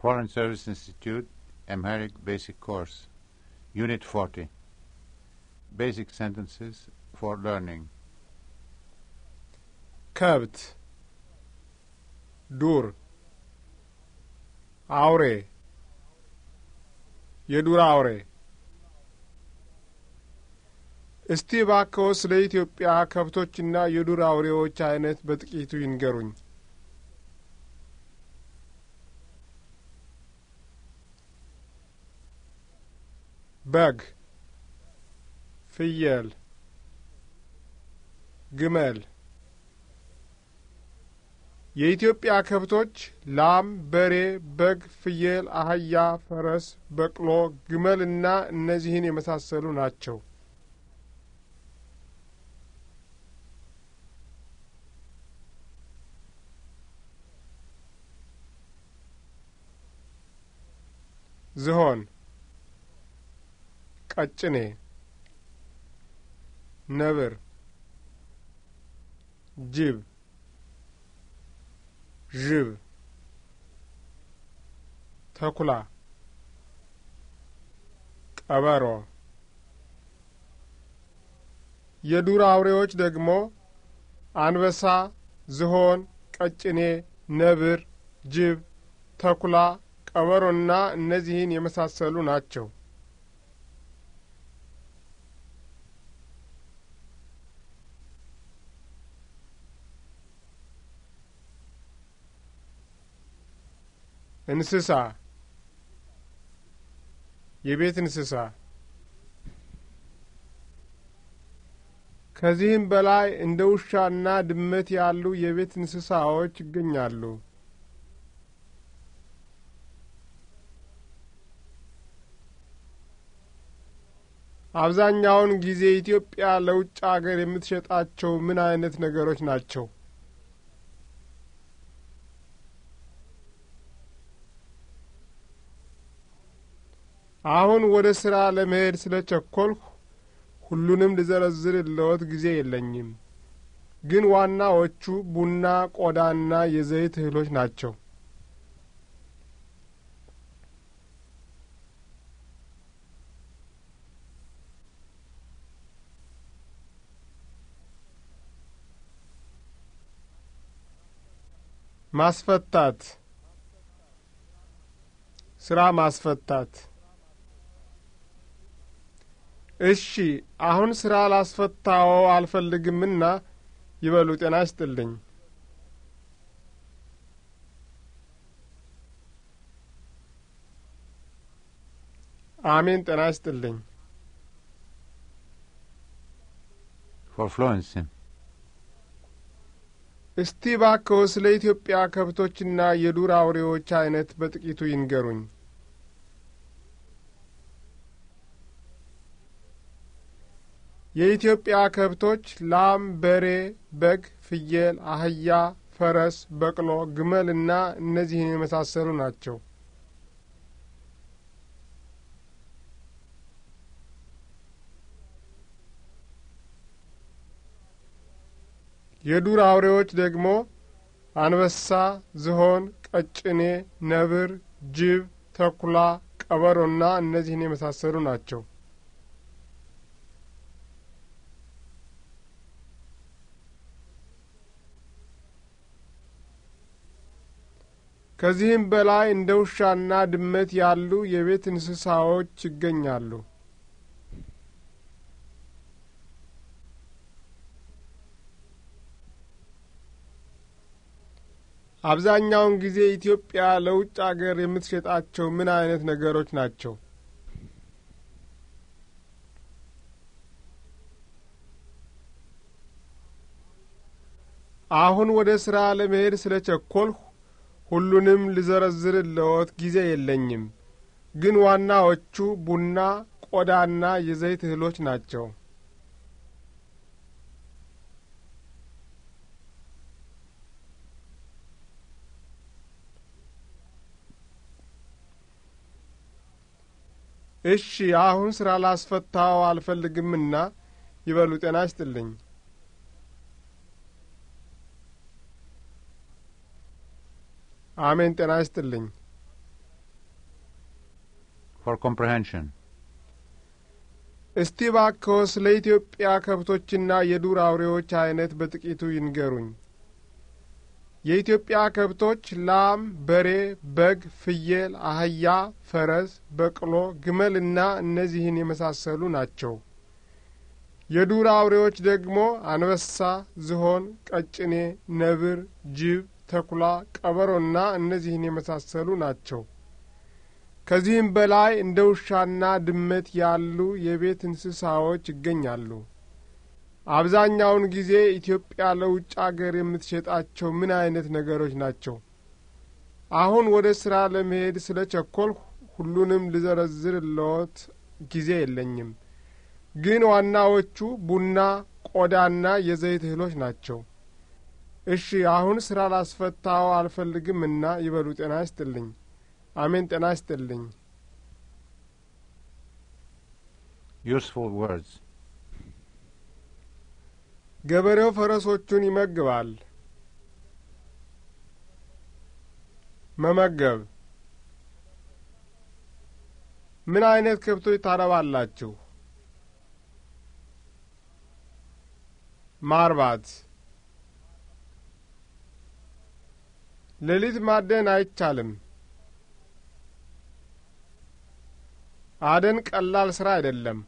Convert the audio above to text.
Foreign Service Institute Amharic Basic Course, Unit 40 Basic Sentences for Learning كبت دور عوري የዱር አውሬ እስቲ ባክዎስ ለኢትዮጵያ ከብቶችና የዱር አውሬዎች አይነት በጥቂቱ ይንገሩኝ። በግ፣ ፍየል፣ ግመል። የኢትዮጵያ ከብቶች ላም፣ በሬ፣ በግ፣ ፍየል፣ አህያ፣ ፈረስ፣ በቅሎ፣ ግመል እና እነዚህን የመሳሰሉ ናቸው። ዝሆን ቀጭኔ ነብር ጅብ ዥብ ተኩላ ቀበሮ የዱር አውሬዎች ደግሞ አንበሳ፣ ዝሆን፣ ቀጭኔ፣ ነብር፣ ጅብ፣ ተኩላ፣ ቀበሮና እነዚህን የመሳሰሉ ናቸው። እንስሳ የቤት እንስሳ ከዚህም በላይ እንደ ውሻና ድመት ያሉ የቤት እንስሳዎች ይገኛሉ። አብዛኛውን ጊዜ ኢትዮጵያ ለውጭ አገር የምትሸጣቸው ምን አይነት ነገሮች ናቸው? አሁን ወደ ሥራ ለመሄድ ስለ ቸኰልሁ ሁሉንም ልዘረዝር ለወት ጊዜ የለኝም። ግን ዋናዎቹ ቡና፣ ቆዳና የዘይት እህሎች ናቸው። ማስፈታት ስራ ማስፈታት እሺ አሁን ስራ ላስፈታዎ አልፈልግምና ይበሉ። ጤና ይስጥልኝ። አሜን። ጤና ይስጥልኝ። እስቲ ባክዎ ስለ ኢትዮጵያ ከብቶችና የዱር አውሬዎች አይነት በጥቂቱ ይንገሩኝ። የኢትዮጵያ ከብቶች ላም፣ በሬ፣ በግ፣ ፍየል፣ አህያ፣ ፈረስ፣ በቅሎ፣ ግመል እና እነዚህን የመሳሰሉ ናቸው። የዱር አውሬዎች ደግሞ አንበሳ፣ ዝሆን፣ ቀጭኔ፣ ነብር፣ ጅብ፣ ተኩላ፣ ቀበሮና እነዚህን የመሳሰሉ ናቸው። ከዚህም በላይ እንደ ውሻና ድመት ያሉ የቤት እንስሳዎች ይገኛሉ። አብዛኛውን ጊዜ ኢትዮጵያ ለውጭ አገር የምትሸጣቸው ምን አይነት ነገሮች ናቸው? አሁን ወደ ስራ ለመሄድ ስለ ቸኮልሁ ሁሉንም ልዘረዝርልዎት ጊዜ የለኝም። ግን ዋናዎቹ ቡና፣ ቆዳና የዘይት እህሎች ናቸው። እሺ፣ አሁን ሥራ ላስፈታው አልፈልግምና ይበሉ። ጤና ይስጥልኝ። አሜን። ጤና ይስጥልኝ። ፎር ኮምፕሬንሽን እስቲ ባክዎ ስለ ኢትዮጵያ ከብቶችና የዱር አውሬዎች አይነት በጥቂቱ ይንገሩኝ። የኢትዮጵያ ከብቶች ላም፣ በሬ፣ በግ፣ ፍየል፣ አህያ፣ ፈረስ፣ በቅሎ፣ ግመል እና እነዚህን የመሳሰሉ ናቸው። የዱር አውሬዎች ደግሞ አንበሳ፣ ዝሆን፣ ቀጭኔ፣ ነብር፣ ጅብ ተኩላ፣ ቀበሮና እነዚህን የመሳሰሉ ናቸው። ከዚህም በላይ እንደ ውሻና ድመት ያሉ የቤት እንስሳዎች ይገኛሉ። አብዛኛውን ጊዜ ኢትዮጵያ ለውጭ አገር የምትሸጣቸው ምን አይነት ነገሮች ናቸው? አሁን ወደ ሥራ ለመሄድ ስለ ቸኮልሁ ሁሉንም ልዘረዝር ጊዜ የለኝም። ግን ዋናዎቹ ቡና፣ ቆዳና የዘይት እህሎች ናቸው። እሺ አሁን ስራ ላስፈታው አልፈልግምና ይበሉ። ጤና ይስጥልኝ። አሜን። ጤና ይስጥልኝ። ዩስፉል ወርድስ ገበሬው ፈረሶቹን ይመግባል። መመገብ ምን አይነት ከብቶች ታረባላችሁ? ማርባት ሌሊት ማደን አይቻልም። አደን ቀላል ሥራ አይደለም።